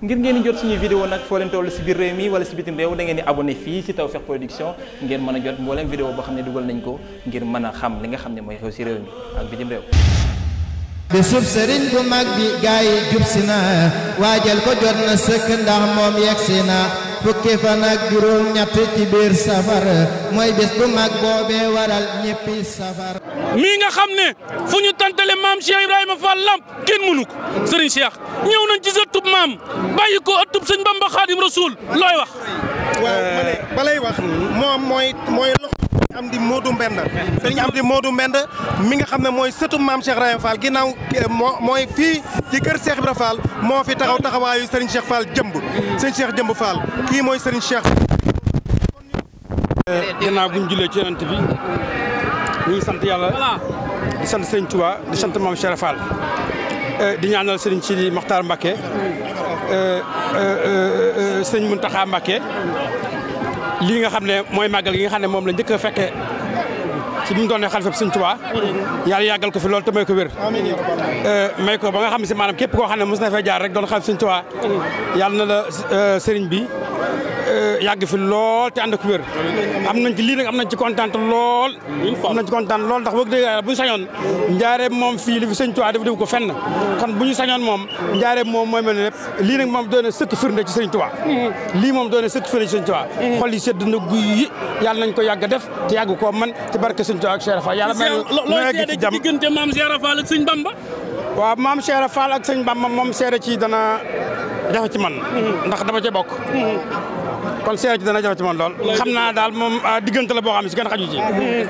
ngir ngeen di jot suñuy vidéo nag foo leen toll si biir réew mi wala si bitim réew da ngeen di abonné fii si Tawfekh Production ngeen mën a jot mbooleem vidéo boo xam ne dugal nañ ko ngir mën a xam li nga xam ne mooy xew si réew mi ak bitim réew bi suuf bu mag bi gaa yi jub si na waajal ko jot na sëkk ndax moom yegg si na fukki fan ak juróom ñett ci biir safar mooy bés bu mag boobee waral ñëppi safar mii nga xam ne fu ñu tantale maam Cheikh Ibrahima Fall Lamp kenn mënu ko Serigne Cheikh ñëw nañ ci sa tub maam bàyyi ko ëttub sëñ Bamba Xaadim Rasuul looy wax waaw balay wax moom mooy mooy loxo Amdi Modou Mbend Serigne Amdi Modou Mbend mi nga xam ne mooy sëtu maam Cheikh Ibrahima Fall ginnaaw eh, moo mooy fii ci kër Cheikh Ibrahima Fall moo fi taxaw taxawaayu Serigne Cheikh Fall jëmb Serigne Cheikh jëmb Fall kii mooy Serigne Cheikh eh, ginnaaw bu ñu jullee ci yonent bi ñu sant yàlla di sant Serigne Touba di sant maam Cheikh Fall eh, di ñaanal Serigne Sidi Makhtar Mbacké Serigne Mountakha Mbacké lii nga xam ne mooy màggal gi nga xam ne moom la njëkk a fekke ci bi mu doon ne xalifa bi Sëñ Tuubaa yàlla yàggal ko fi lool te may ko wér euh, may ko ba nga xam ne si maanaam képp koo xam ne mos na fee jaar rek doon xalifa Sëñ Tuubaa yàlla na la euh, sëriñ bi Euh, yàgg fi lool te ànd ak wér am nañ ci lii nag am nañ ci kontaan lool am nañ ci kontaan lool ndax wax dëgg yàlla bu ñu sañoon njaareem moom fii li fi sëñ Tuubaa def def ko fenn kon bu ñu sañoon moom njaareem moom mooy mel ne lépp lii nag moom doone sëkk firnde ci sëñ Tuubaa mm-hmm. lii moom doone sëkk firnde ci sëñ Tuubaa mm-hmm. sedd na guy yi nañ ko yàgg def te yàgg koo mën ci barke sëñ ak Cheikh Rafal yàlla may ci jàmm diggante maam Cheikh maam Cheikh Rafal ak sëñ moom seede ci dana jafe ci man mm-hmm. ndax dama kon seere ci dana jafe ci man lool xam naa daal moom ah, diggante la boo xam ne si kenn xaju ci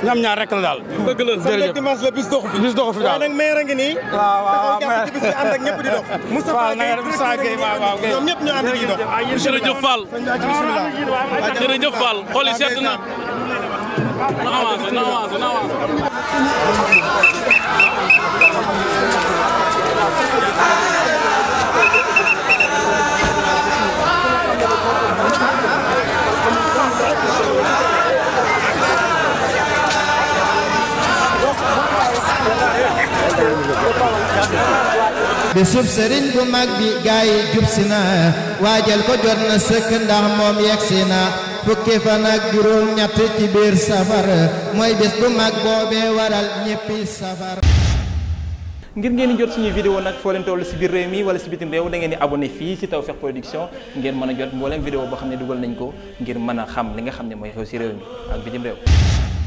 ñoom ñaar rek la daal dëgg la jërëjëf dimanche la bis doxu fi bis doxu fi daal nag maire a ngi nii waaw waaw jàpp ci bis ànd ak ñëpp di dox Moustapha Gueye Moustapha Gueye waaw waaw ñoom ñëpp ñu ànd ak di dox jërëjëf Fall jërëjëf Fall xool yi sedd na na avancé na avancé na avancé bisub sëriñ bu mag bi gaa yi jub si na waajal ko jot na sëkk ndax moom yegsi na fukki fan ak juróom ñett ci biir safar mooy bés bu mag boobee waral ñéppi safar ngir ngeen di jot suñuy vidéo nag foo leen toll si biir réew mi wala si bitim réew da ngeen di abonné fii si taw Tawfekh Production ngeen mën a jot mbooleem vidéo boo xam ne dugal nañ ko ngir mën xam li nga xam ne mooy xew si réew mi ak bitim réew